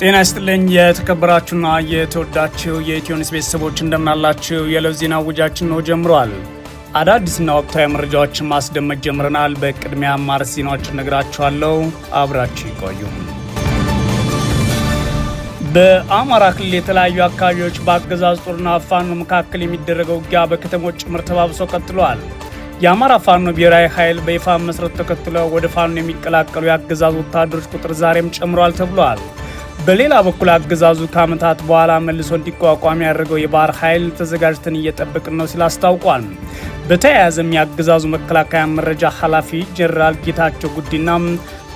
ጤና ይስጥልኝ የተከበራችሁና የተወዳችው የኢትዮኒስ ቤተሰቦች እንደምናላችው የለው ዜና ውጃችን ነው ጀምሯል። አዳዲስና ወቅታዊ መረጃዎችን ማስደመጥ ጀምረናል። በቅድሚያ አማርስ ዜናዎችን እነግራችኋለሁ። አብራችሁ ይቆዩ በአማራ ክልል የተለያዩ አካባቢዎች በአገዛዝ ጦርና ፋኖ መካከል የሚደረገው ውጊያ በከተሞች ጭምር ተባብሶ ቀጥሏል። የአማራ ፋኖ ብሔራዊ ኃይል በይፋ መስረት ተከትለው ወደ ፋኖ የሚቀላቀሉ የአገዛዝ ወታደሮች ቁጥር ዛሬም ጨምሯል ተብሏል። በሌላ በኩል አገዛዙ ከዓመታት በኋላ መልሶ እንዲቋቋም ያደረገው የባህር ኃይል ተዘጋጅተን እየጠበቅን ነው ሲል አስታውቋል። በተያያዘም የአገዛዙ መከላከያ መረጃ ኃላፊ ጀነራል ጌታቸው ጉዲና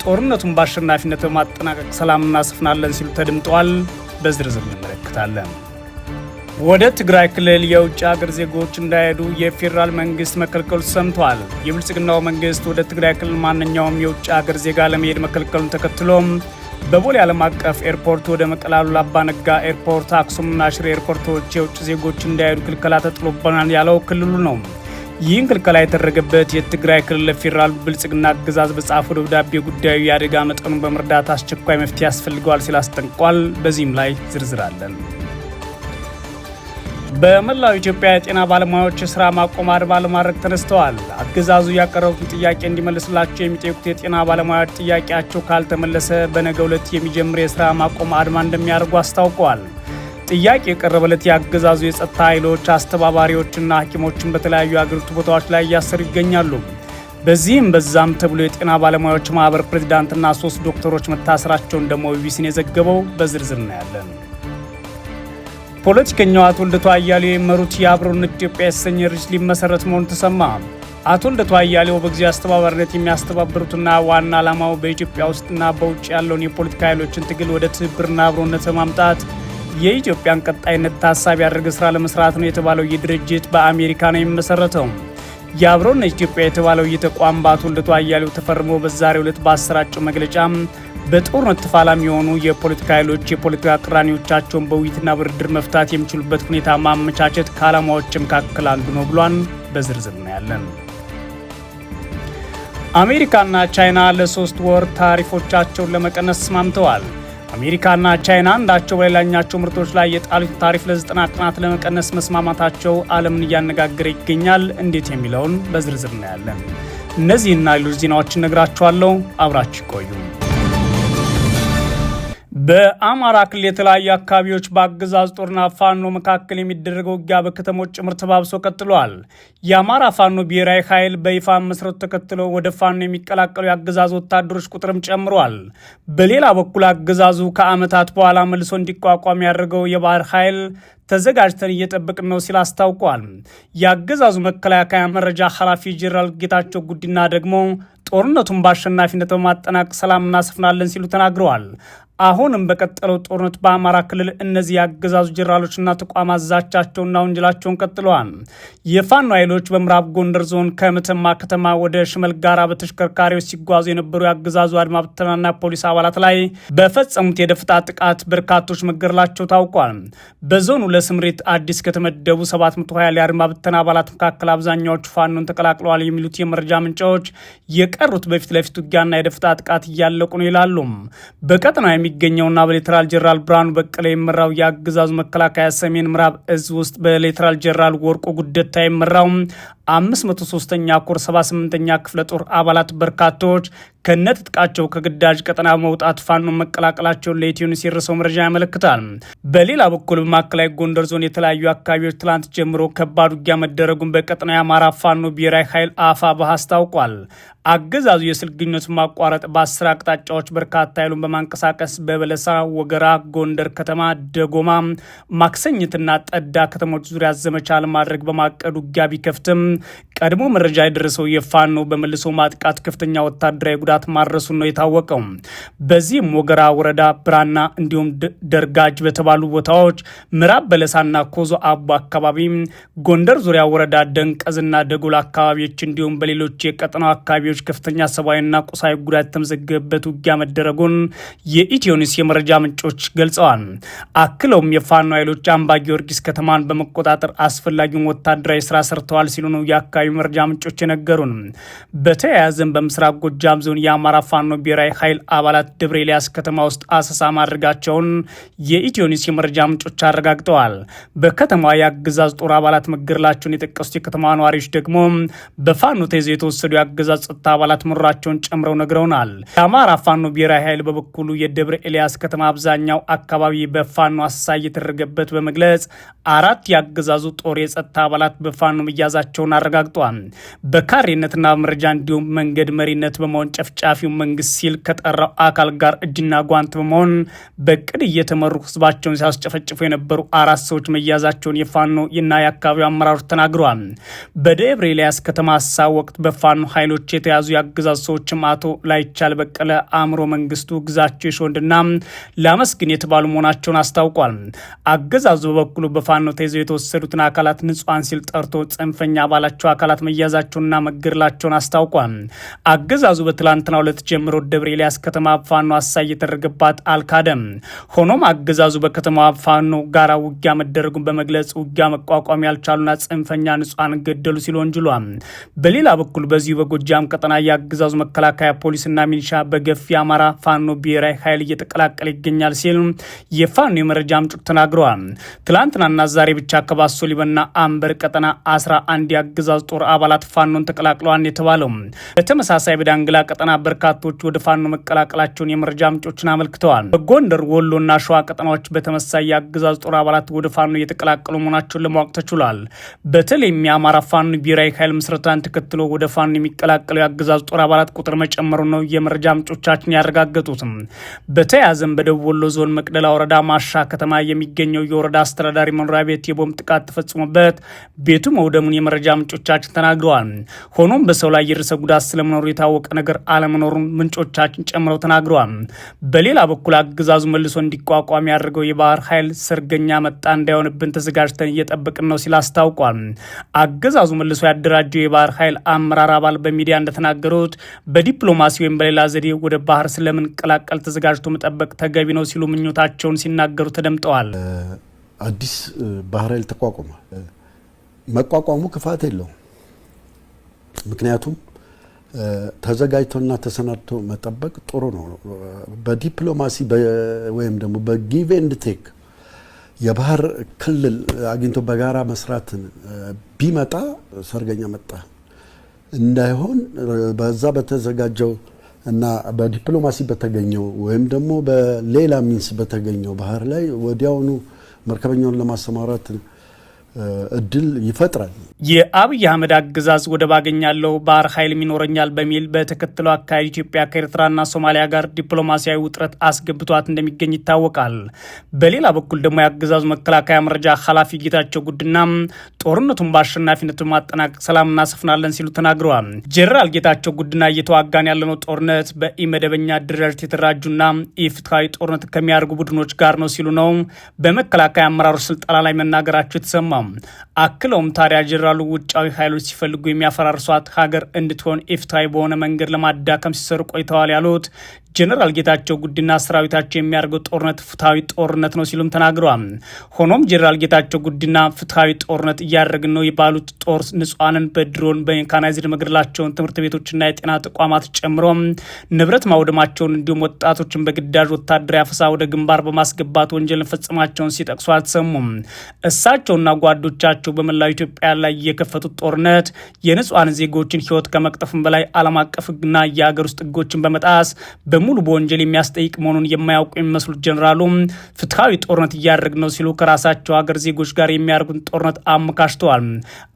ጦርነቱን በአሸናፊነት በማጠናቀቅ ሰላም እናሰፍናለን ሲሉ ተደምጠዋል። በዝርዝር እንመለከታለን። ወደ ትግራይ ክልል የውጭ ሀገር ዜጎች እንዳይሄዱ የፌዴራል መንግስት መከልከሉ ሰምቷል። የብልጽግናው መንግስት ወደ ትግራይ ክልል ማንኛውም የውጭ ሀገር ዜጋ ለመሄድ መከልከሉን ተከትሎም በቦሌ ዓለም አቀፍ ኤርፖርት ወደ መቀላሉ ላባነጋ አባ ነጋ ኤርፖርት፣ አክሱምና ሽሬ ኤርፖርቶች የውጭ ዜጎች እንዳይሄዱ ክልከላ ተጥሎብናል ያለው ክልሉ ነው። ይህን ክልከላ የተደረገበት የትግራይ ክልል ለፌዴራል ብልጽግና አገዛዝ በጻፈው ደብዳቤ ጉዳዩ የአደጋ መጠኑን በመርዳት አስቸኳይ መፍትሄ ያስፈልገዋል ሲል አስጠንቋል። በዚህም ላይ ዝርዝር አለን። በመላው ኢትዮጵያ የጤና ባለሙያዎች ስራ ማቆም አድማ ለማድረግ ተነስተዋል። አገዛዙ ያቀረቡትን ጥያቄ እንዲመልስላቸው የሚጠይቁት የጤና ባለሙያዎች ጥያቄያቸው ካልተመለሰ በነገ ዕለት የሚጀምር የስራ ማቆም አድማ እንደሚያደርጉ አስታውቀዋል። ጥያቄ የቀረበለት የአገዛዙ የጸጥታ ኃይሎች አስተባባሪዎችና ሐኪሞችን በተለያዩ የአገሪቱ ቦታዎች ላይ እያሰሩ ይገኛሉ። በዚህም በዛም ተብሎ የጤና ባለሙያዎች ማህበር ፕሬዚዳንትና ሶስት ዶክተሮች መታሰራቸውን ደግሞ ቢቢሲን የዘገበው በዝርዝር እናያለን። ፖለቲከኛው አቶ ልደቱ አያሌው የመሩት የአብሮነት ኢትዮጵያ የተሰኘ ድርጅት ሊመሰረት መሆኑ ተሰማ። አቶ ልደቱ አያሌው በጊዜያዊ አስተባባሪነት የሚያስተባብሩትና ዋና ዓላማው በኢትዮጵያ ውስጥና በውጭ ያለውን የፖለቲካ ኃይሎችን ትግል ወደ ትብብርና አብሮነት በማምጣት የኢትዮጵያን ቀጣይነት ታሳቢ ያደረገ ስራ ለመስራት ነው የተባለው ይህ ድርጅት በአሜሪካ ነው የሚመሰረተው። የአብሮነት ኢትዮጵያ የተባለው ይህ ተቋም በአቶ ልደቱ አያሌው ተፈርሞ በዛሬው ዕለት ባሰራጨው መግለጫ በጦርነት ተፋላሚ የሆኑ የፖለቲካ ኃይሎች የፖለቲካ ቅራኔዎቻቸውን በውይይትና ብርድር መፍታት የሚችሉበት ሁኔታ ማመቻቸት ከዓላማዎች መካከል አንዱ ነው ብሏን። በዝርዝር እናያለን። አሜሪካና ቻይና ለሶስት ወር ታሪፎቻቸውን ለመቀነስ ተስማምተዋል። አሜሪካና ቻይና አንዳቸው በሌላኛቸው ምርቶች ላይ የጣሉት ታሪፍ ለዘጠና ቀናት ለመቀነስ መስማማታቸው ዓለምን እያነጋገረ ይገኛል። እንዴት የሚለውን በዝርዝር እናያለን። እነዚህና ሌሎች ዜናዎችን ነግራችኋለሁ። አብራችሁ ቆዩ። በአማራ ክልል የተለያዩ አካባቢዎች በአገዛዝ ጦርና ፋኖ መካከል የሚደረገው ውጊያ በከተሞች ጭምር ተባብሶ ቀጥሏል። የአማራ ፋኖ ብሔራዊ ኃይል በይፋ መስረቱ ተከትሎ ወደ ፋኖ የሚቀላቀሉ የአገዛዝ ወታደሮች ቁጥርም ጨምሯል። በሌላ በኩል አገዛዙ ከዓመታት በኋላ መልሶ እንዲቋቋም ያደርገው የባህር ኃይል ተዘጋጅተን እየጠበቅን ነው ሲል አስታውቋል። የአገዛዙ መከላከያ መረጃ ኃላፊ ጄኔራል ጌታቸው ጉዲና ደግሞ ጦርነቱን በአሸናፊነት በማጠናቅ ሰላም እናሰፍናለን ሲሉ ተናግረዋል። አሁንም በቀጠለው ጦርነት በአማራ ክልል እነዚህ የአገዛዙ ጀራሎችና ተቋማት ዛቻቸውና ወንጀላቸውን ቀጥለዋል። የፋኖ ኃይሎች በምዕራብ ጎንደር ዞን ከምትማ ከተማ ወደ ሽመል ጋራ በተሽከርካሪዎች ሲጓዙ የነበሩ የአገዛዙ አድማ ብተናና ፖሊስ አባላት ላይ በፈጸሙት የደፍጣ ጥቃት በርካቶች መገደላቸው ታውቋል። በዞኑ ለስምሪት አዲስ ከተመደቡ 720 የአድማ ብተና አባላት መካከል አብዛኛዎቹ ፋኖን ተቀላቅለዋል የሚሉት የመረጃ ምንጫዎች የቀሩት በፊት ለፊት ውጊያና የደፈጣ ጥቃት እያለቁ ነው ይላሉ። በቀጠና የሚገኘውና በሌተናል ጀነራል ብርሃኑ በቀለ የመራው የአገዛዙ መከላከያ ሰሜን ምዕራብ እዝ ውስጥ በሌተናል ጀነራል ወርቆ ጉደታ የመራው አምስት መቶ ሶስተኛ ኮር 78ኛ ክፍለ ጦር አባላት በርካታዎች ከነትጥቃቸው ከግዳጅ ቀጠና መውጣት ፋኖ መቀላቀላቸውን ለኢትዮ ኒውስ መረጃ ያመለክታል። በሌላ በኩል በማዕከላዊ ጎንደር ዞን የተለያዩ አካባቢዎች ትላንት ጀምሮ ከባድ ውጊያ መደረጉን በቀጠና የአማራ ፋኖ ብሔራዊ ኃይል ባህ አስታውቋል። አገዛዙ የስልክ ግንኙነት ማቋረጥ በአስር አቅጣጫዎች በርካታ ኃይሉን በማንቀሳቀስ በበለሳ፣ ወገራ፣ ጎንደር ከተማ፣ ደጎማ፣ ማክሰኝትና ጠዳ ከተሞች ዙሪያ ዘመቻ ለማድረግ በማቀድ ውጊያ ቢከፍትም ቀድሞ መረጃ የደረሰው የፋኖ በመልሶ ማጥቃት ከፍተኛ ወታደራዊ ጉዳት ማድረሱን ነው የታወቀው። በዚህም ሞገራ ወረዳ ብራና፣ እንዲሁም ደርጋጅ በተባሉ ቦታዎች ምዕራብ በለሳና ኮዞ አቦ አካባቢ፣ ጎንደር ዙሪያ ወረዳ ደንቀዝና ደጎል አካባቢዎች እንዲሁም በሌሎች የቀጠናው አካባቢዎች ከፍተኛ ሰብአዊና ቁሳዊ ጉዳት የተመዘገበበት ውጊያ መደረጉን የኢትዮኒስ የመረጃ ምንጮች ገልጸዋል። አክለውም የፋኖ ኃይሎች አምባ ጊዮርጊስ ከተማን በመቆጣጠር አስፈላጊውን ወታደራዊ ስራ ሰርተዋል ሲሉ ነው የአካባቢ የአካባቢው መረጃ ምንጮች የነገሩን። በተያያዘም በምስራቅ ጎጃም ዞን የአማራ ፋኖ ብሔራዊ ኃይል አባላት ደብረ ኤልያስ ከተማ ውስጥ አሰሳ ማድረጋቸውን የኢትዮኒስ የመረጃ ምንጮች አረጋግጠዋል። በከተማዋ የአገዛዝ ጦር አባላት መገደላቸውን የጠቀሱት የከተማ ነዋሪዎች ደግሞ በፋኖ ተይዘው የተወሰዱ የአገዛዝ ጸጥታ አባላት መኖራቸውን ጨምረው ነግረውናል። የአማራ ፋኖ ብሔራዊ ኃይል በበኩሉ የደብረ ኤልያስ ከተማ አብዛኛው አካባቢ በፋኖ አሰሳ እየተደረገበት በመግለጽ አራት የአገዛዙ ጦር የጸጥታ አባላት በፋኖ መያዛቸውን መሆኑን አረጋግጧል። በካሬነትና መረጃ እንዲሁም መንገድ መሪነት በመሆን ጨፍጫፊው መንግስት ሲል ከጠራው አካል ጋር እጅና ጓንት በመሆን በቅድ እየተመሩ ህዝባቸውን ሲያስጨፈጭፉ የነበሩ አራት ሰዎች መያዛቸውን የፋኖ እና የአካባቢው አመራሮች ተናግረዋል። በደብረ ኤልያስ ከተማ ሀሳብ ወቅት በፋኖ ኃይሎች የተያዙ የአገዛዝ ሰዎችም አቶ ላይቻል በቀለ፣ አእምሮ መንግስቱ፣ ግዛቸው የሾንድና ላመስግን የተባሉ መሆናቸውን አስታውቋል። አገዛዙ በበኩሉ በፋኖ ተይዘው የተወሰዱትን አካላት ንጹሐን ሲል ጠርቶ ጽንፈኛ አባላት ያላቸው አካላት መያዛቸውና መገደላቸውን አስታውቋል። አገዛዙ በትላንትና ሁለት ጀምሮ ደብረ ኤልያስ ከተማ ፋኖ አሳይ የተደረገባት አልካደም። ሆኖም አገዛዙ በከተማዋ ፋኖ ጋራ ውጊያ መደረጉን በመግለጽ ውጊያ መቋቋም ያልቻሉና ጽንፈኛ ንጹሐን ገደሉ ሲል ወንጅሏል። በሌላ በኩል በዚሁ በጎጃም ቀጠና የአገዛዙ መከላከያ ፖሊስና ሚሊሻ በገፍ የአማራ ፋኖ ብሔራዊ ኃይል እየተቀላቀለ ይገኛል ሲል የፋኖ የመረጃ ምንጮች ተናግረዋል። ትላንትናና ዛሬ ብቻ ከባሶ ሊበና አንበር ቀጠና 11 የአገዛዝ ጦር አባላት ፋኖን ተቀላቅለዋል የተባለው። በተመሳሳይ በዳንግላ ቀጠና በርካቶች ወደ ፋኖ መቀላቀላቸውን የመረጃ ምንጮችን አመልክተዋል። በጎንደር ወሎና ሸዋ ቀጠናዎች በተመሳሳይ የአገዛዝ ጦር አባላት ወደ ፋኖ እየተቀላቀሉ መሆናቸውን ለማወቅ ተችሏል። በተለይም የአማራ ፋኖ ብሔራዊ ኃይል ምስረታን ተከትሎ ወደ ፋኖ የሚቀላቀሉ የአገዛዝ ጦር አባላት ቁጥር መጨመሩ ነው የመረጃ ምንጮቻችን ያረጋገጡትም። በተያያዘም በደቡብ ወሎ ዞን መቅደላ ወረዳ ማሻ ከተማ የሚገኘው የወረዳ አስተዳዳሪ መኖሪያ ቤት የቦምብ ጥቃት ተፈጽሞበት ቤቱ መውደሙን የመረጃ ምንጮቻችን ተናግረዋል። ሆኖም በሰው ላይ የደረሰ ጉዳት ስለመኖሩ የታወቀ ነገር አለመኖሩን ምንጮቻችን ጨምረው ተናግረዋል። በሌላ በኩል አገዛዙ መልሶ እንዲቋቋም ያደርገው የባህር ኃይል ሰርገኛ መጣ እንዳይሆንብን ተዘጋጅተን እየጠበቅን ነው ሲል አስታውቋል። አገዛዙ መልሶ ያደራጀው የባህር ኃይል አመራር አባል በሚዲያ እንደተናገሩት በዲፕሎማሲ ወይም በሌላ ዘዴ ወደ ባህር ስለምንቀላቀል ተዘጋጅቶ መጠበቅ ተገቢ ነው ሲሉ ምኞታቸውን ሲናገሩ ተደምጠዋል። አዲስ ባህር ኃይል ተቋቁሟል። መቋቋሙ ክፋት የለውም። ምክንያቱም ተዘጋጅቶና ተሰናድቶ መጠበቅ ጥሩ ነው። በዲፕሎማሲ ወይም ደግሞ በጊቭ ኤንድ ቴክ የባህር ክልል አግኝቶ በጋራ መስራትን ቢመጣ ሰርገኛ መጣ እንዳይሆን በዛ በተዘጋጀው እና በዲፕሎማሲ በተገኘው ወይም ደግሞ በሌላ ሚንስ በተገኘው ባህር ላይ ወዲያውኑ መርከበኛውን ለማሰማራት እድል ይፈጥራል። የአብይ አህመድ አገዛዝ ወደብ አገኛለሁ ባህር ኃይልም ይኖረኛል በሚል በተከተለው አካሄድ ኢትዮጵያ ከኤርትራና ሶማሊያ ጋር ዲፕሎማሲያዊ ውጥረት አስገብቷት እንደሚገኝ ይታወቃል። በሌላ በኩል ደግሞ የአገዛዙ መከላከያ መረጃ ኃላፊ ጌታቸው ጉድና ጦርነቱን በአሸናፊነት ማጠናቀቅ ሰላም እናሰፍናለን ሲሉ ተናግረዋል። ጄኔራል ጌታቸው ጉድና እየተዋጋን ያለነው ጦርነት በኢመደበኛ ድረርት የተደራጁና ኢፍትሐዊ ጦርነት ከሚያደርጉ ቡድኖች ጋር ነው ሲሉ ነው በመከላከያ አመራሮች ስልጠና ላይ መናገራቸው የተሰማ። አክለውም ታዲያ ጄኔራሉ ውጫዊ ኃይሎች ሲፈልጉ የሚያፈራርሷት ሀገር እንድትሆን ኢፍትሐዊ በሆነ መንገድ ለማዳከም ሲሰሩ ቆይተዋል ያሉት ጀነራል ጌታቸው ጉዲና ሰራዊታቸው የሚያደርገው ጦርነት ፍትሐዊ ጦርነት ነው ሲሉም ተናግረዋል። ሆኖም ጀነራል ጌታቸው ጉዲና ፍትሐዊ ጦርነት እያደረግን ነው የባሉት ጦር ንጹሐንን በድሮን በሜካናይዝድ መግደላቸውን፣ ትምህርት ቤቶችና የጤና ተቋማት ጨምሮ ንብረት ማውደማቸውን እንዲሁም ወጣቶችን በግዳጅ ወታደራዊ አፈሳ ወደ ግንባር በማስገባት ወንጀል ፈጽማቸውን ሲጠቅሱ አልሰሙም። እሳቸውና ጓዶቻቸው በመላው ኢትዮጵያ ላይ የከፈቱት ጦርነት የንጹሐን ዜጎችን ህይወት ከመቅጠፍም በላይ ዓለም አቀፍና የሀገር ውስጥ ህጎችን በመጣስ በሙሉ በወንጀል የሚያስጠይቅ መሆኑን የማያውቁ የሚመስሉት ጀኔራሉ ፍትሐዊ ጦርነት እያደረግ ነው ሲሉ ከራሳቸው ሀገር ዜጎች ጋር የሚያደርጉን ጦርነት አመካሽተዋል።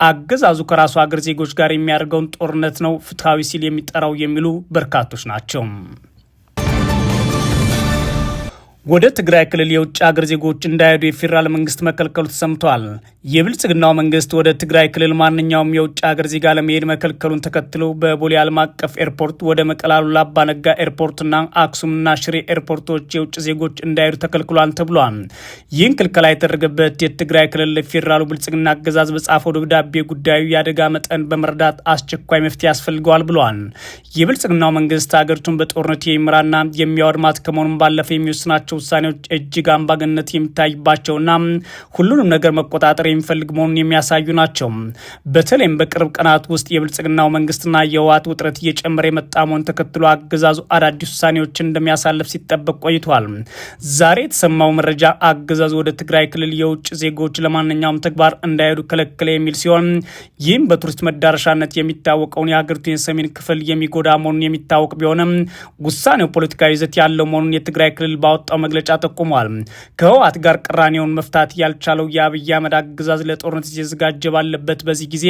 አገዛዙ ከራሱ ሀገር ዜጎች ጋር የሚያደርገውን ጦርነት ነው ፍትሐዊ ሲል የሚጠራው የሚሉ በርካቶች ናቸው። ወደ ትግራይ ክልል የውጭ ሀገር ዜጎች እንዳይሄዱ የፌዴራል መንግስት መከልከሉ ተሰምቷል። የብልጽግናው መንግስት ወደ ትግራይ ክልል ማንኛውም የውጭ ሀገር ዜጋ ለመሄድ መከልከሉን ተከትሎ በቦሌ ዓለም አቀፍ ኤርፖርት ወደ መቀላሉ ላባነጋ ኤርፖርትና አክሱምና ሽሬ ኤርፖርቶች የውጭ ዜጎች እንዳይሄዱ ተከልክሏል ተብሏል። ይህን ክልከላ የተደረገበት የትግራይ ክልል ለፌዴራሉ ብልጽግና አገዛዝ በጻፈው ደብዳቤ ጉዳዩ የአደጋ መጠን በመረዳት አስቸኳይ መፍትሄ ያስፈልገዋል ብሏል። የብልጽግናው መንግስት ሀገሪቱን በጦርነት የሚመራና የሚያወድማት ከመሆኑም ባለፈ የሚወስናቸው ውሳኔዎች እጅግ አምባገነት የሚታይባቸውና ሁሉንም ነገር መቆጣጠር የሚፈልግ መሆኑን የሚያሳዩ ናቸው። በተለይም በቅርብ ቀናት ውስጥ የብልጽግናው መንግስትና የህወሓት ውጥረት እየጨመረ የመጣ መሆን ተከትሎ አገዛዙ አዳዲስ ውሳኔዎችን እንደሚያሳልፍ ሲጠበቅ ቆይቷል። ዛሬ የተሰማው መረጃ አገዛዙ ወደ ትግራይ ክልል የውጭ ዜጎች ለማንኛውም ተግባር እንዳይሄዱ ከለክለ የሚል ሲሆን ይህም በቱሪስት መዳረሻነት የሚታወቀውን የሀገሪቱን የሰሜን ክፍል የሚጎዳ መሆኑን የሚታወቅ ቢሆንም ውሳኔው ፖለቲካዊ ይዘት ያለው መሆኑን የትግራይ ክልል ባወጣው መግለጫ ጠቁሟል። ከህወሓት ጋር ቅራኔውን መፍታት ያልቻለው የአብይ አህመድ አገዛዝ ለጦርነት እየተዘጋጀ ባለበት በዚህ ጊዜ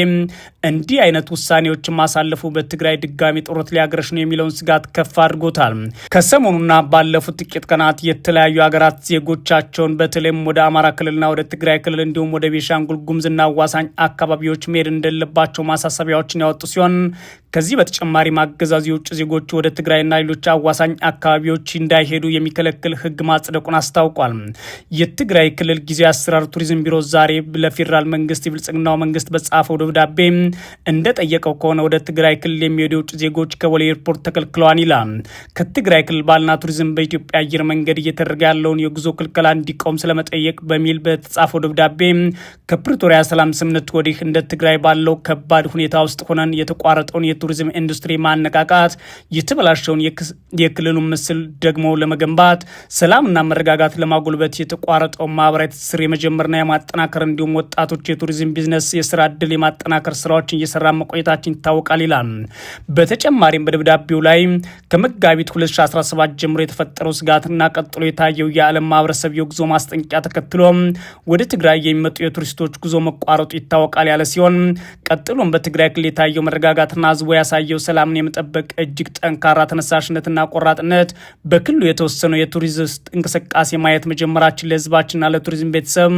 እንዲህ አይነት ውሳኔዎች ማሳለፉ በትግራይ ድጋሚ ጦርነት ሊያገረሽ ነው የሚለውን ስጋት ከፍ አድርጎታል። ከሰሞኑና ባለፉት ጥቂት ቀናት የተለያዩ ሀገራት ዜጎቻቸውን በተለይም ወደ አማራ ክልልና ወደ ትግራይ ክልል እንዲሁም ወደ ቤሻንጉል ጉምዝና አዋሳኝ አካባቢዎች መሄድ እንደሌለባቸው ማሳሰቢያዎችን ያወጡ ሲሆን ከዚህ በተጨማሪ አገዛዙ የውጭ ዜጎች ወደ ትግራይና ሌሎች አዋሳኝ አካባቢዎች እንዳይሄዱ የሚከለክል ህግ ማጽደቁን አስታውቋል። የትግራይ ክልል ጊዜ አሰራር ቱሪዝም ቢሮ ዛሬ ለፌዴራል መንግስት የብልጽግናው መንግስት በጻፈው ደብዳቤ እንደጠየቀው ከሆነ ወደ ትግራይ ክልል የሚሄዱ የውጭ ዜጎች ከቦሌ ኤርፖርት ተከልክለዋል ይላል። ከትግራይ ክልል ባልና ቱሪዝም በኢትዮጵያ አየር መንገድ እየተደረገ ያለውን የጉዞ ክልከላ እንዲቆም ስለመጠየቅ በሚል በተጻፈው ደብዳቤ ከፕሪቶሪያ ሰላም ስምምነት ወዲህ እንደ ትግራይ ባለው ከባድ ሁኔታ ውስጥ ሆነን የተቋረጠውን የቱሪዝም ኢንዱስትሪ ማነቃቃት፣ የተበላሸውን የክልሉን ምስል ደግሞ ለመገንባት፣ ሰላምና መረጋጋት ለማጎልበት የተቋረጠውን ማህበራዊ ትስስር የመጀመርና የማጠናከር እንዲሁም ወጣቶች የቱሪዝም ቢዝነስ የስራ እድል የማጠናከር ስራዎችን እየሰራ መቆየታችን ይታወቃል ይላል። በተጨማሪም በደብዳቤው ላይ ከመጋቢት 2017 ጀምሮ የተፈጠረው ስጋትና ቀጥሎ የታየው የዓለም ማህበረሰብ የጉዞ ማስጠንቀቂያ ተከትሎ ወደ ትግራይ የሚመጡ የቱሪስቶች ጉዞ መቋረጡ ይታወቃል ያለ ሲሆን ቀጥሎም በትግራይ ክልል የታየው መረጋጋትና ህዝቡ ህዝቡ ያሳየው ሰላምን የመጠበቅ እጅግ ጠንካራ ተነሳሽነትና ቆራጥነት በክልሉ የተወሰነው የቱሪዝም እንቅስቃሴ ማየት መጀመራችን ለህዝባችንና ለቱሪዝም ቤተሰብ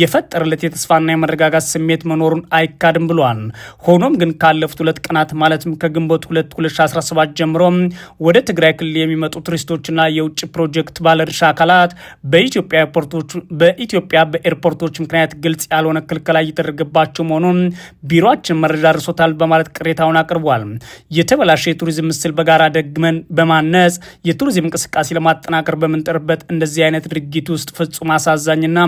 የፈጠረለት የተስፋና የመረጋጋት ስሜት መኖሩን አይካድም ብሏል። ሆኖም ግን ካለፉት ሁለት ቀናት ማለትም ከግንቦት 2 2017 ጀምሮ ወደ ትግራይ ክልል የሚመጡ ቱሪስቶችና የውጭ ፕሮጀክት ባለድርሻ አካላት በኢትዮጵያ በኤርፖርቶች ምክንያት ግልጽ ያልሆነ ክልከላ እየተደረገባቸው መሆኑን ቢሮችን መረጃ ደርሶታል በማለት ቅሬታውን አቅርቧል። ቀርቧል። የተበላሸ የቱሪዝም ምስል በጋራ ደግመን በማነጽ የቱሪዝም እንቅስቃሴ ለማጠናከር በምንጠርበት እንደዚህ አይነት ድርጊት ውስጥ ፍጹም አሳዛኝና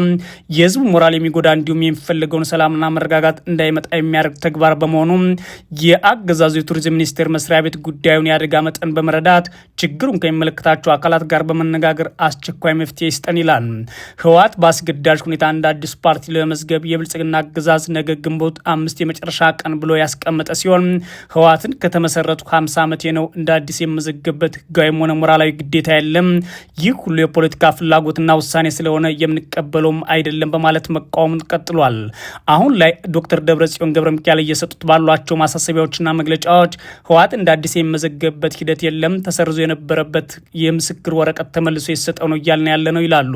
የህዝቡ ሞራል የሚጎዳ እንዲሁም የሚፈልገውን ሰላምና መረጋጋት እንዳይመጣ የሚያደርግ ተግባር በመሆኑ የአገዛዙ የቱሪዝም ሚኒስቴር መስሪያ ቤት ጉዳዩን የአደጋ መጠን በመረዳት ችግሩን ከሚመለከታቸው አካላት ጋር በመነጋገር አስቸኳይ መፍትሄ ይስጠን ይላል። ህወሓት በአስገዳጅ ሁኔታ እንደ አዲስ ፓርቲ ለመዝገብ የብልጽግና አገዛዝ ነገ ግንቦት አምስት የመጨረሻ ቀን ብሎ ያስቀመጠ ሲሆን ህወሓትን ከተመሰረቱ 50 ዓመቴ ነው እንደ አዲስ የምዘግብበት ህጋዊም ሆነ ሞራላዊ ግዴታ የለም። ይህ ሁሉ የፖለቲካ ፍላጎትና ውሳኔ ስለሆነ የምንቀበለውም አይደለም በማለት መቃወሙን ቀጥሏል። አሁን ላይ ዶክተር ደብረጽዮን ገብረ ሚካኤል እየሰጡት ባሏቸው ማሳሰቢያዎችና መግለጫዎች ህወሓት እንደ አዲስ የሚመዘገብበት ሂደት የለም፣ ተሰርዞ የነበረበት የምስክር ወረቀት ተመልሶ የሰጠው ነው እያልን ያለ ነው ይላሉ።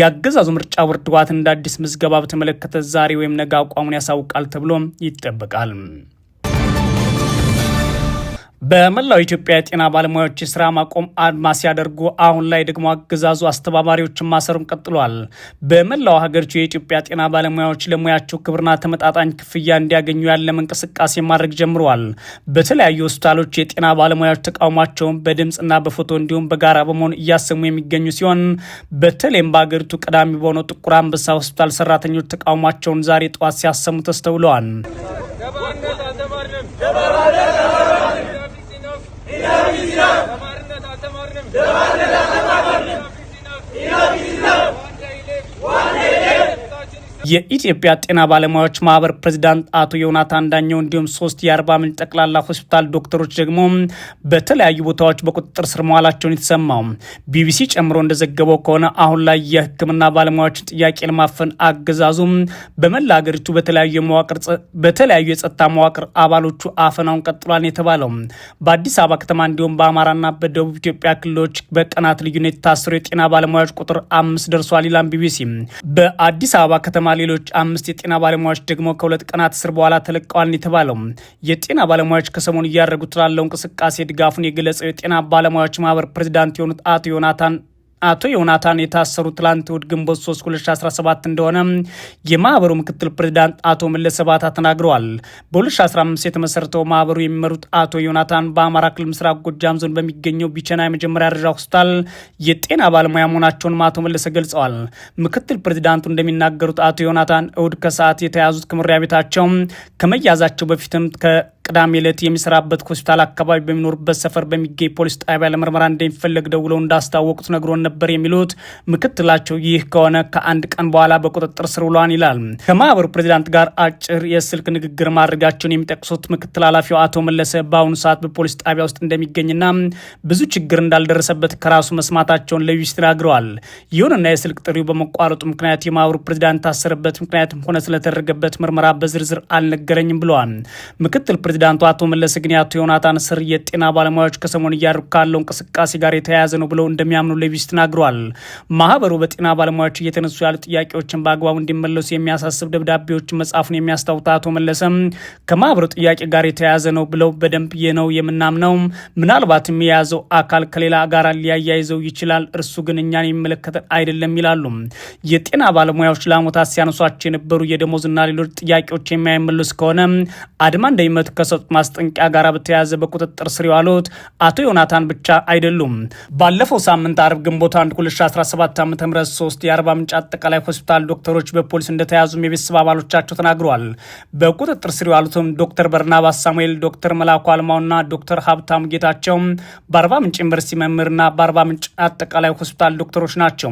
የአገዛዙ ምርጫ ቦርድ ህወሓትን እንደ አዲስ ምዝገባ በተመለከተ ዛሬ ወይም ነገ አቋሙን ያሳውቃል ተብሎ ይጠበቃል። በመላው ኢትዮጵያ የጤና ባለሙያዎች የስራ ማቆም አድማ ሲያደርጉ አሁን ላይ ደግሞ አገዛዙ አስተባባሪዎችን ማሰሩን ቀጥሏል። በመላው ሀገሪቱ የኢትዮጵያ ጤና ባለሙያዎች ለሙያቸው ክብርና ተመጣጣኝ ክፍያ እንዲያገኙ ያለ እንቅስቃሴ ማድረግ ጀምረዋል። በተለያዩ ሆስፒታሎች የጤና ባለሙያዎች ተቃውሟቸውን በድምፅና በፎቶ እንዲሁም በጋራ በመሆን እያሰሙ የሚገኙ ሲሆን በተለይም በሀገሪቱ ቀዳሚ በሆነው ጥቁር አንበሳ ሆስፒታል ሰራተኞች ተቃውሟቸውን ዛሬ ጠዋት ሲያሰሙ ተስተውለዋል። Enough is enough. Enough is enough. የኢትዮጵያ ጤና ባለሙያዎች ማህበር ፕሬዚዳንት አቶ ዮናታን ዳኘው እንዲሁም ሶስት የአርባ ምንጭ ጠቅላላ ሆስፒታል ዶክተሮች ደግሞ በተለያዩ ቦታዎች በቁጥጥር ስር መዋላቸውን የተሰማው ቢቢሲ ጨምሮ እንደዘገበው ከሆነ አሁን ላይ የህክምና ባለሙያዎችን ጥያቄ ለማፈን አገዛዙም በመላ ሀገሪቱ በተለያዩ የጸጥታ መዋቅር አባሎቹ አፈናውን ቀጥሏል የተባለው በአዲስ አበባ ከተማ እንዲሁም በአማራና በደቡብ ኢትዮጵያ ክልሎች በቀናት ልዩነት የታሰሩ የጤና ባለሙያዎች ቁጥር አምስት ደርሷል ይላል ቢቢሲ በአዲስ አበባ ከተማ ሌሎች አምስት የጤና ባለሙያዎች ደግሞ ከሁለት ቀናት እስር በኋላ ተለቀዋል የተባለው የጤና ባለሙያዎች ከሰሞኑ እያደረጉት ላለው እንቅስቃሴ ድጋፉን የገለጸው የጤና ባለሙያዎች ማህበር ፕሬዚዳንት የሆኑት አቶ ዮናታን አቶ ዮናታን የታሰሩ ትላንት እሁድ ግንቦት 3 2017 እንደሆነ የማህበሩ ምክትል ፕሬዚዳንት አቶ መለሰ ባታ ተናግረዋል። በ2015 የተመሰረተው ማህበሩ የሚመሩት አቶ ዮናታን በአማራ ክልል ምስራቅ ጎጃም ዞን በሚገኘው ቢቸና የመጀመሪያ ደረጃ ሆስፒታል የጤና ባለሙያ መሆናቸውን አቶ መለሰ ገልጸዋል። ምክትል ፕሬዚዳንቱ እንደሚናገሩት አቶ ዮናታን እሁድ ከሰዓት የተያዙት ከመኖሪያ ቤታቸው ከመያዛቸው በፊትም ቅዳሜ ዕለት የሚሰራበት ሆስፒታል አካባቢ በሚኖርበት ሰፈር በሚገኝ ፖሊስ ጣቢያ ለምርመራ እንደሚፈለግ ደውለው እንዳስታወቁት ነግሮን ነበር የሚሉት ምክትላቸው፣ ይህ ከሆነ ከአንድ ቀን በኋላ በቁጥጥር ስር ውሏን ይላል። ከማህበሩ ፕሬዚዳንት ጋር አጭር የስልክ ንግግር ማድረጋቸውን የሚጠቅሱት ምክትል ኃላፊው አቶ መለሰ በአሁኑ ሰዓት በፖሊስ ጣቢያ ውስጥ እንደሚገኝና ብዙ ችግር እንዳልደረሰበት ከራሱ መስማታቸውን ለዩስ ተናግረዋል። ይሁንና የስልክ ጥሪው በመቋረጡ ምክንያት የማህበሩ ፕሬዚዳንት ታሰረበት ምክንያትም ሆነ ስለተደረገበት ምርመራ በዝርዝር አልነገረኝም ብለዋል። ምክትል ፕሬዚዳንቱ አቶ መለስ ግንያቱ ዮናታን ስር የጤና ባለሙያዎች ከሰሞን እያደረጉ ካለው እንቅስቃሴ ጋር የተያያዘ ነው ብለው እንደሚያምኑ ለቢስ ተናግረዋል። ማህበሩ በጤና ባለሙያዎች እየተነሱ ያሉ ጥያቄዎችን በአግባቡ እንዲመለሱ የሚያሳስብ ደብዳቤዎች መጻፉን የሚያስታውት አቶ መለሰም ከማህበሩ ጥያቄ ጋር የተያያዘ ነው ብለው በደንብ የነው የምናምነው ምናልባትም የያዘው አካል ከሌላ ጋር ሊያያይዘው ይችላል። እርሱ ግን እኛን የሚመለከተን አይደለም ይላሉ። የጤና ባለሙያዎች ለአመታት ሲያነሷቸው የነበሩ የደሞዝና ሌሎች ጥያቄዎች የማይመለስ ከሆነ አድማ እንደሚመት ከሰጡት ማስጠንቂያ ጋር በተያያዘ በቁጥጥር ስር የዋሉት አቶ ዮናታን ብቻ አይደሉም። ባለፈው ሳምንት አርብ ግንቦት 1 2017 ዓ ም ሶስት የአርባ ምንጭ አጠቃላይ ሆስፒታል ዶክተሮች በፖሊስ እንደተያዙም የቤተሰብ አባሎቻቸው ተናግረዋል። በቁጥጥር ስር የዋሉትም ዶክተር በርናባስ ሳሙኤል፣ ዶክተር መላኩ አልማውና ዶክተር ሀብታም ጌታቸው በአርባ ምንጭ ዩኒቨርሲቲ መምህርና በአርባ ምንጭ አጠቃላይ ሆስፒታል ዶክተሮች ናቸው።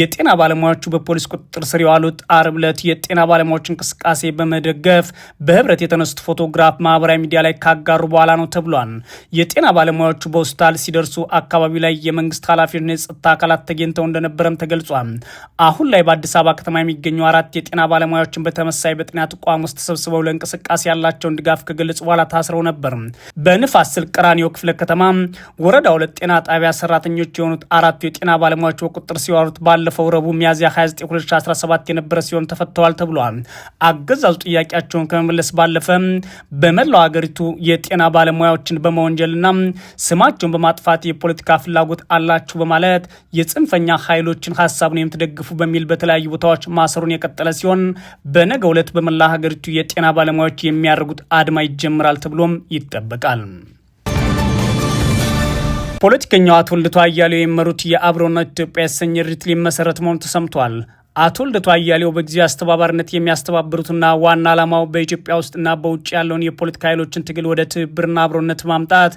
የጤና ባለሙያዎቹ በፖሊስ ቁጥጥር ስር የዋሉት አርብ ዕለት የጤና ባለሙያዎች እንቅስቃሴ በመደገፍ በህብረት የተነሱት ፎቶግራፍ ማ በማህበራዊ ሚዲያ ላይ ካጋሩ በኋላ ነው ተብሏል። የጤና ባለሙያዎቹ በሆስፒታል ሲደርሱ አካባቢው ላይ የመንግስት ኃላፊዎችና የጸጥታ አካላት ተገኝተው እንደነበረም ተገልጿል። አሁን ላይ በአዲስ አበባ ከተማ የሚገኙ አራት የጤና ባለሙያዎችን በተመሳይ በጤና ተቋም ውስጥ ተሰብስበው ለእንቅስቃሴ ያላቸውን ድጋፍ ከገለጹ በኋላ ታስረው ነበር። በንፋስ ስልክ ቀራኒዮ ክፍለ ከተማ ወረዳ ሁለት ጤና ጣቢያ ሰራተኞች የሆኑት አራቱ የጤና ባለሙያዎች በቁጥጥር ሲዋሩት ባለፈው ረቡዕ ሚያዝያ 29 2017 የነበረ ሲሆን ተፈተዋል ተብሏል። አገዛዙ ጥያቄያቸውን ከመመለስ ባለፈ በመ በመላው ሀገሪቱ የጤና ባለሙያዎችን በመወንጀልና ስማቸውን በማጥፋት የፖለቲካ ፍላጎት አላችሁ በማለት የጽንፈኛ ኃይሎችን ሀሳብን የምትደግፉ በሚል በተለያዩ ቦታዎች ማሰሩን የቀጠለ ሲሆን በነገ ዕለት በመላ ሀገሪቱ የጤና ባለሙያዎች የሚያደርጉት አድማ ይጀምራል ተብሎም ይጠበቃል። ፖለቲከኛው አቶ ልደቱ አያሌው የመሩት የአብሮነት ኢትዮጵያ የተሰኘ ድርጅት ሊመሰረት መሆኑ ተሰምቷል። አቶ ልደቱ አያሌው በጊዜ አስተባባሪነት የሚያስተባብሩትና ዋና ዓላማው በኢትዮጵያ ውስጥና በውጭ ያለውን የፖለቲካ ኃይሎችን ትግል ወደ ትብብርና አብሮነት ማምጣት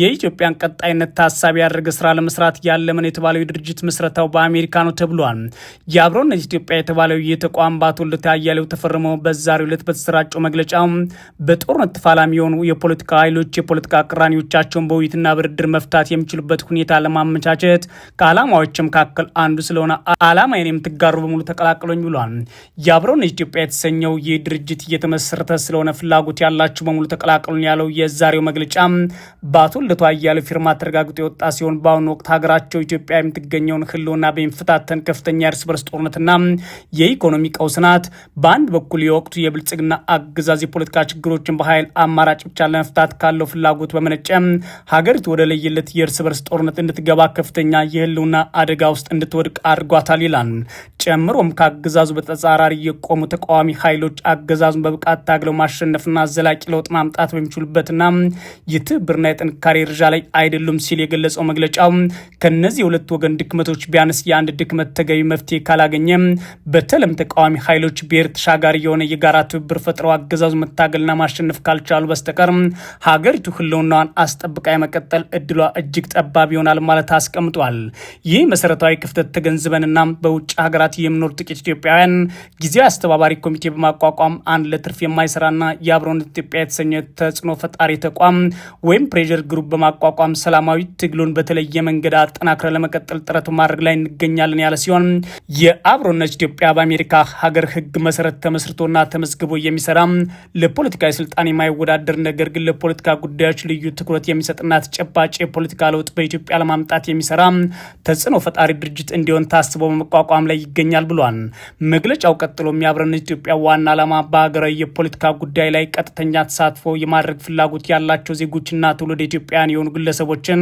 የኢትዮጵያን ቀጣይነት ታሳቢ ያደረገ ስራ ለመስራት ያለመን የተባለው የድርጅት ምስረታው በአሜሪካ ነው ተብሏል። የአብሮነት ኢትዮጵያ የተባለው የተቋም በአቶ ልደቱ አያሌው ተፈርሞ በዛሬው ዕለት በተሰራጨው መግለጫ በጦርነት ተፋላሚ የሆኑ የፖለቲካ ኃይሎች የፖለቲካ ቅራኔዎቻቸውን በውይይትና በድርድር መፍታት የሚችሉበት ሁኔታ ለማመቻቸት ከዓላማዎች መካከል አንዱ ስለሆነ ዓላማዬን የምትጋሩ በሙሉ ተቀላቀሉኝ ብሏል። የአብረውን ኢትዮጵያ የተሰኘው ይህ ድርጅት እየተመሰረተ ስለሆነ ፍላጎት ያላችሁ በሙሉ ተቀላቀሉን ያለው የዛሬው መግለጫ በአቶ ልደቱ አያሌው ፊርማ ተረጋግጦ የወጣ ሲሆን በአሁኑ ወቅት ሀገራቸው ኢትዮጵያ የምትገኘውን ህልውና በሚፈታተን ከፍተኛ የእርስ በርስ ጦርነትና የኢኮኖሚ ቀውስ ናት። በአንድ በኩል የወቅቱ የብልጽግና አገዛዝ የፖለቲካ ችግሮችን በኃይል አማራጭ ብቻ ለመፍታት ካለው ፍላጎት በመነጨ ሀገሪቱ ወደ ለየለት የእርስ በርስ ጦርነት እንድትገባ ከፍተኛ የህልውና አደጋ ውስጥ እንድትወድቅ አድርጓታል ይላል። ጨምሮ ጨምሮም ከአገዛዙ በተጻራሪ የቆሙ ተቃዋሚ ኃይሎች አገዛዙን በብቃት ታግለው ማሸነፍና ዘላቂ ለውጥ ማምጣት በሚችሉበትና የትብብርና የጥንካሬ እርዣ ላይ አይደሉም ሲል የገለጸው መግለጫው ከነዚህ የሁለት ወገን ድክመቶች ቢያንስ የአንድ ድክመት ተገቢ መፍትሄ ካላገኘ በተለም ተቃዋሚ ኃይሎች ብሔር ተሻጋሪ የሆነ የጋራ ትብብር ፈጥረው አገዛዙ መታገልና ማሸነፍ ካልቻሉ በስተቀር ሀገሪቱ ህልውናዋን አስጠብቃ የመቀጠል እድሏ እጅግ ጠባብ ይሆናል ማለት አስቀምጧል። ይህ መሰረታዊ ክፍተት ተገንዝበንና በውጭ ሀገራት የምኖ የሚኖሩ ጥቂት ኢትዮጵያውያን ጊዜያዊ አስተባባሪ ኮሚቴ በማቋቋም አንድ ለትርፍ የማይሰራና የአብሮነት ኢትዮጵያ የተሰኘ ተጽዕኖ ፈጣሪ ተቋም ወይም ፕሬዠር ግሩፕ በማቋቋም ሰላማዊ ትግሉን በተለየ መንገድ አጠናክረ ለመቀጠል ጥረቱ ማድረግ ላይ እንገኛለን ያለ ሲሆን የአብሮነት ኢትዮጵያ በአሜሪካ ሀገር ህግ መሰረት ተመስርቶና ተመዝግቦ የሚሰራ ለፖለቲካዊ ስልጣን የማይወዳደር ነገር ግን ለፖለቲካ ጉዳዮች ልዩ ትኩረት የሚሰጥና ተጨባጭ የፖለቲካ ለውጥ በኢትዮጵያ ለማምጣት የሚሰራ ተጽዕኖ ፈጣሪ ድርጅት እንዲሆን ታስቦ በመቋቋም ላይ ይገኛል ይገኛል ብሏል። መግለጫው ቀጥሎ የሚያብረን ኢትዮጵያ ዋና ዓላማ በሀገራዊ የፖለቲካ ጉዳይ ላይ ቀጥተኛ ተሳትፎ የማድረግ ፍላጎት ያላቸው ዜጎችና ትውልድ ኢትዮጵያውያን የሆኑ ግለሰቦችን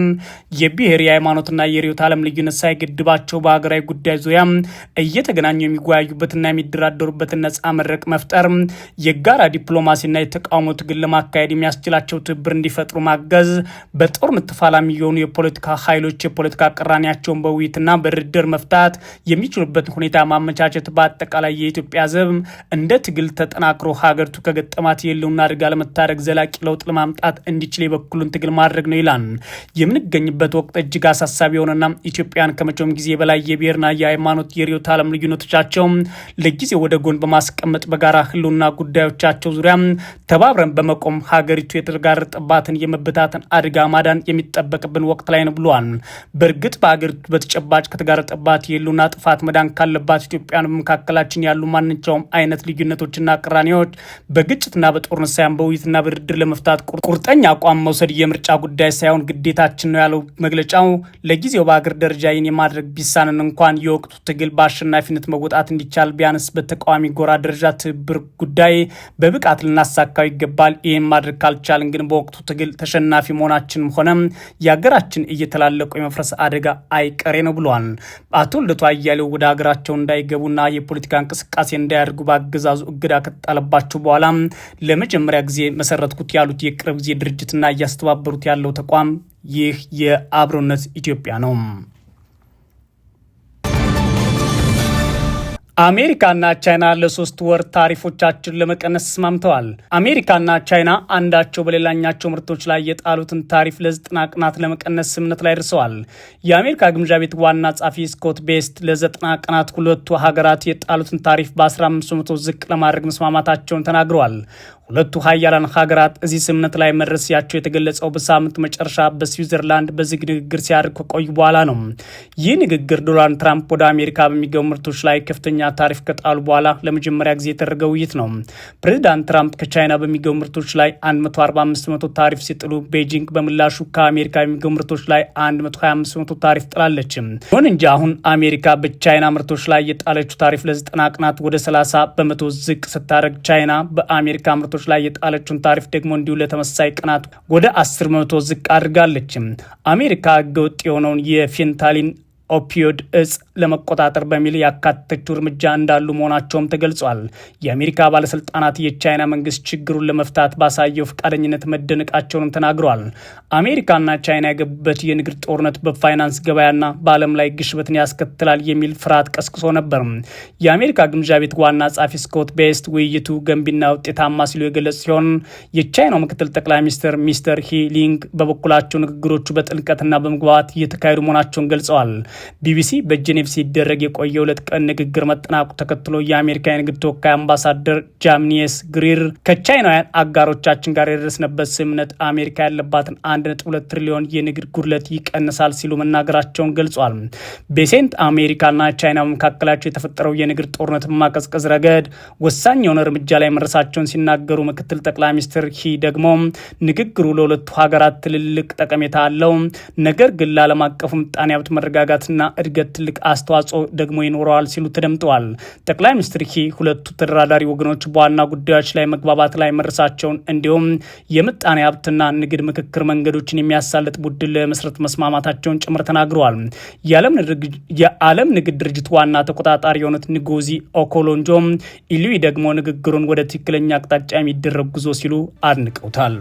የብሔር የሃይማኖትና የርዕዮተ ዓለም ልዩነት ሳይገድባቸው በሀገራዊ ጉዳይ ዙሪያ እየተገናኙ የሚወያዩበትና የሚደራደሩበትን ነፃ መድረክ መፍጠር የጋራ ዲፕሎማሲና የተቃውሞ ትግል ለማካሄድ የሚያስችላቸው ትብብር እንዲፈጥሩ ማገዝ በጦር ምትፋላሚ የሆኑ የፖለቲካ ኃይሎች የፖለቲካ ቅራኔያቸውን በውይይትና በድርድር መፍታት የሚችሉበትን ሁኔታ ማመቻቸት በአጠቃላይ የኢትዮጵያ ዘብ እንደ ትግል ተጠናክሮ ሀገሪቱ ከገጠማት የለውና አድጋ ለመታደግ ዘላቂ ለውጥ ለማምጣት እንዲችል የበኩሉን ትግል ማድረግ ነው ይላል። የምንገኝበት ወቅት እጅግ አሳሳቢ የሆነና ኢትዮጵያን ከመቼውም ጊዜ በላይ የብሔርና የሃይማኖት የርዕዮተ ዓለም ልዩነቶቻቸው ለጊዜ ወደ ጎን በማስቀመጥ በጋራ ህልውና ጉዳዮቻቸው ዙሪያ ተባብረን በመቆም ሀገሪቱ የተጋረጠባትን የመበታተን አድጋ ማዳን የሚጠበቅብን ወቅት ላይ ነው ብሏል። በእርግጥ በሀገሪቱ በተጨባጭ ከተጋረጠባት የህልውና ጥፋት መዳን ካለባት አፍላች ኢትዮጵያን በመካከላችን ያሉ ማንኛውም አይነት ልዩነቶችና ቅራኔዎች በግጭትና በጦርነት ሳይሆን በውይይትና በድርድር ለመፍታት ቁርጠኛ አቋም መውሰድ የምርጫ ጉዳይ ሳይሆን ግዴታችን ነው ያለው መግለጫው። ለጊዜው በአገር ደረጃ ይህን የማድረግ ቢሳንን እንኳን የወቅቱ ትግል በአሸናፊነት መወጣት እንዲቻል ቢያንስ በተቃዋሚ ጎራ ደረጃ ትብብር ጉዳይ በብቃት ልናሳካው ይገባል። ይህን ማድረግ ካልቻልን ግን በወቅቱ ትግል ተሸናፊ መሆናችንም ሆነ የሀገራችን እየተላለቁ የመፍረስ አደጋ አይቀሬ ነው ብሏል። አቶ ልደቱ አያሌው ወደ ሀገራቸው እንዳይገቡና የፖለቲካ እንቅስቃሴ እንዳያደርጉ በአገዛዙ እገዳ ከተጣለባቸው በኋላ ለመጀመሪያ ጊዜ መሰረትኩት ያሉት የቅርብ ጊዜ ድርጅትና እያስተባበሩት ያለው ተቋም ይህ የአብሮነት ኢትዮጵያ ነው። አሜሪካና ቻይና ለሶስት ወር ታሪፎቻችን ለመቀነስ ተስማምተዋል። አሜሪካና ቻይና አንዳቸው በሌላኛቸው ምርቶች ላይ የጣሉትን ታሪፍ ለዘጠና ቀናት ለመቀነስ ስምምነት ላይ ደርሰዋል። የአሜሪካ ግምጃ ቤት ዋና ጸሐፊ ስኮት ቤስት ለዘጠና ቀናት ሁለቱ ሀገራት የጣሉትን ታሪፍ በ15 በመቶ ዝቅ ለማድረግ መስማማታቸውን ተናግረዋል። ሁለቱ ሀያላን ሀገራት እዚህ ስምምነት ላይ መድረሳቸው የተገለጸው በሳምንት መጨረሻ በስዊዘርላንድ በዝግ ንግግር ሲያደርግ ከቆዩ በኋላ ነው። ይህ ንግግር ዶናልድ ትራምፕ ወደ አሜሪካ በሚገቡ ምርቶች ላይ ከፍተኛ ታሪፍ ከጣሉ በኋላ ለመጀመሪያ ጊዜ የተደረገ ውይይት ነው። ፕሬዚዳንት ትራምፕ ከቻይና በሚገቡ ምርቶች ላይ 145 በመቶ ታሪፍ ሲጥሉ፣ ቤጂንግ በምላሹ ከአሜሪካ በሚገቡ ምርቶች ላይ 125 ታሪፍ ጥላለች። ይሁን እንጂ አሁን አሜሪካ በቻይና ምርቶች ላይ የጣለችው ታሪፍ ለዘጠና ቀናት ወደ 30 በመቶ ዝቅ ስታደርግ ቻይና በአሜሪካ ምርቶ ምርቶች ላይ የጣለችውን ታሪፍ ደግሞ እንዲሁ ለተመሳሳይ ቀናት ወደ አስር መቶ ዝቅ አድርጋለችም። አሜሪካ ህገወጥ የሆነውን የፌንታሊን ኦፒዮድ እጽ ለመቆጣጠር በሚል ያካተችው እርምጃ እንዳሉ መሆናቸውም ተገልጿል። የአሜሪካ ባለስልጣናት የቻይና መንግስት ችግሩን ለመፍታት ባሳየው ፈቃደኝነት መደነቃቸውንም ተናግረዋል። አሜሪካና ቻይና የገቡበት የንግድ ጦርነት በፋይናንስ ገበያና በዓለም ላይ ግሽበትን ያስከትላል የሚል ፍርሃት ቀስቅሶ ነበር። የአሜሪካ ግምጃ ቤት ዋና ጸሐፊ ስኮት ቤስት ውይይቱ ገንቢና ውጤታማ ሲሉ የገለጹ ሲሆን የቻይናው ምክትል ጠቅላይ ሚኒስትር ሚስተር ሂሊንግ በበኩላቸው ንግግሮቹ በጥልቀትና በመግባባት እየተካሄዱ መሆናቸውን ገልጸዋል። ቢቢሲ በጄኔቭ ሲደረግ የቆየ ሁለት ቀን ንግግር መጠናቁ ተከትሎ የአሜሪካ የንግድ ተወካይ አምባሳደር ጃምኒየስ ግሪር ከቻይናውያን አጋሮቻችን ጋር የደረስንበት ስምምነት አሜሪካ ያለባትን 1.2 ትሪሊዮን የንግድ ጉድለት ይቀንሳል ሲሉ መናገራቸውን ገልጿል። ቤሴንት አሜሪካና ቻይና በመካከላቸው የተፈጠረው የንግድ ጦርነት ማቀዝቀዝ ረገድ ወሳኝ የሆነ እርምጃ ላይ መድረሳቸውን ሲናገሩ ምክትል ጠቅላይ ሚኒስትር ሂ ደግሞ ንግግሩ ለሁለቱ ሀገራት ትልልቅ ጠቀሜታ አለው፣ ነገር ግን ለዓለም አቀፉ ምጣኔ ሀብት መረጋጋት ልማትና እድገት ትልቅ አስተዋጽኦ ደግሞ ይኖረዋል ሲሉ ተደምጠዋል። ጠቅላይ ሚኒስትር ኪ ሁለቱ ተደራዳሪ ወገኖች በዋና ጉዳዮች ላይ መግባባት ላይ መድረሳቸውን እንዲሁም የምጣኔ ሀብትና ንግድ ምክክር መንገዶችን የሚያሳልጥ ቡድን ለመስረት መስማማታቸውን ጭምር ተናግረዋል። የዓለም ንግድ ድርጅት ዋና ተቆጣጣሪ የሆኑት ንጎዚ ኦኮሎንጆ ኢሉይ ደግሞ ንግግሩን ወደ ትክክለኛ አቅጣጫ የሚደረግ ጉዞ ሲሉ አድንቀውታል።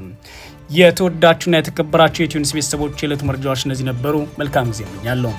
የተወዳችሁና የተከበራችሁ የኢትዮ ኒውስ ቤተሰቦች የዕለቱ መረጃዎች እነዚህ ነበሩ። መልካም ጊዜ እመኛለሁ።